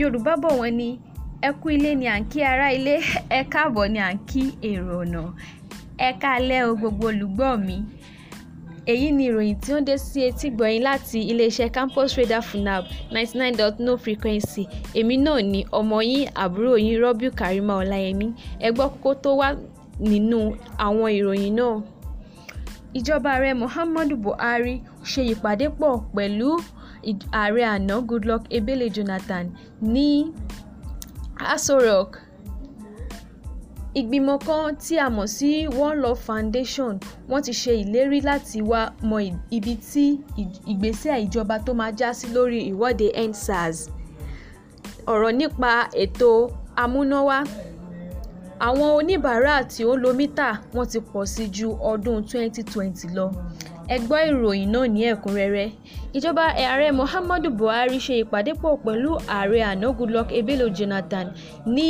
yorùbá bọ̀ wọ́n ní ẹ kú ilé ni à ń kí ará ilé ẹ káàbọ̀ ni à ń kí èrò ọ̀nà ẹ káalẹ́ o gbogbo olùgbọ́ mi èyí ni ìròyìn tí ó dé sí etí gbọ̀yìn láti iléeṣẹ́ campus radar funab ninety nine dot no frequency èmi náà ni ọmọ yín àbúrò yín rọ́bìù karima ọláyẹmí ẹ gbọ́ kókó tó wà nínú àwọn ìròyìn náà. Ìjọba Ààrẹ Muhammadu Buhari ṣe ìpàdé pọ̀ pẹ̀lú Ààrẹ àná Goodluck Ebele Jonathan ní Aso Rock. Ìgbìmọ̀ kan tí a mọ̀ sí One Love Foundation wọ́n ti ṣe ìlérí láti wá mọ ibi tí ìgbésẹ̀ ìjọba tó máa jásí lórí ìwọ́de End SARS. Ọ̀rọ̀ nípa ètò amúnáwá àwọn oníbàárà tí ó ń lo mítà wọn ti pọ̀ sí ju ọdún 2020 lọ ẹ gbọ́ ìròyìn náà ní ẹ̀kúnrẹ́rẹ́ ìjọba ààrẹ muhammadu buhari ṣe ìpàdé pọ̀ pẹ̀lú ààrẹ àná goodluck ebelo jonathan ní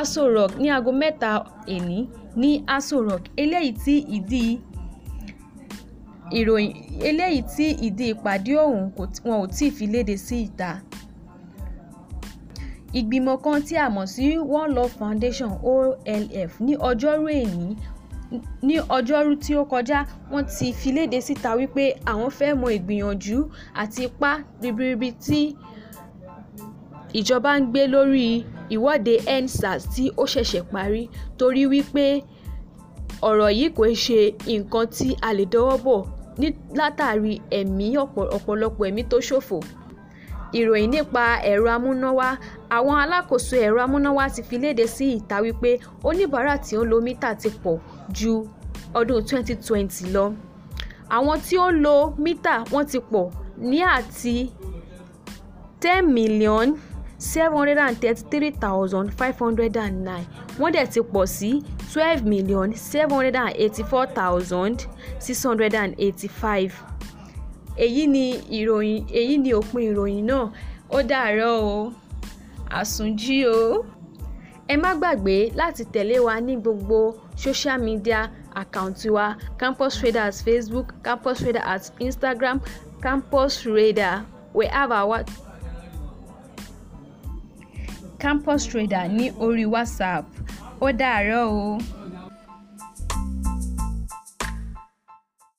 aso rock ní aago mẹ́ta èní ní aso rock eléyìí tí ìdí ìròyìn eléyìí tí ìdí ìpàdé ọ̀hún wọn ò tí ì fi léde sí ìta Ìgbìmọ̀ kan tí a mọ̀ sí One Love Foundation (OLF) ní Ọjọ́rú èní, ní Ọjọ́rú tí ó kọjá, wọ́n ti filéde síta wípé àwọn fẹ́ mọ ìgbìyànjú àti ipá ribiribi tí ìjọba ń gbé lórí Ìwọ́de EndSARS tí ó ṣẹ̀ṣẹ̀ parí, torí wípé ọ̀rọ̀ yìí kìí ṣe nǹkan tí a lè dọwọ́ bọ̀ látàrí ọ̀pọ̀lọpọ̀ ẹ̀mí tó ṣòfò. Ìròyìn nípa ẹ̀rọ amúnáwá Àwọn alákòóso ẹ̀rọ amúnáwá ti fi léde sí ìta wípé oníbàárà tí ó ń lo mítà ti pọ̀ ju ọdún 2020 lọ. Àwọn tí ó ń lo mítà wọ́n ti pọ̀ ní àti 10,733,509 wọ́n dẹ̀ ti pọ̀ sí five èyí ni ìròyìn èyí ni òpin ìròyìn náà ó dàárọ̀ o àsùnjí o ẹ má gbàgbé láti tẹ̀lé wa ní gbogbo social media àkáǹtì wa campus radar at facebook campus radar at instagram campus radar wherever our campus radar ní orí whatsapp ó dàárọ̀ o.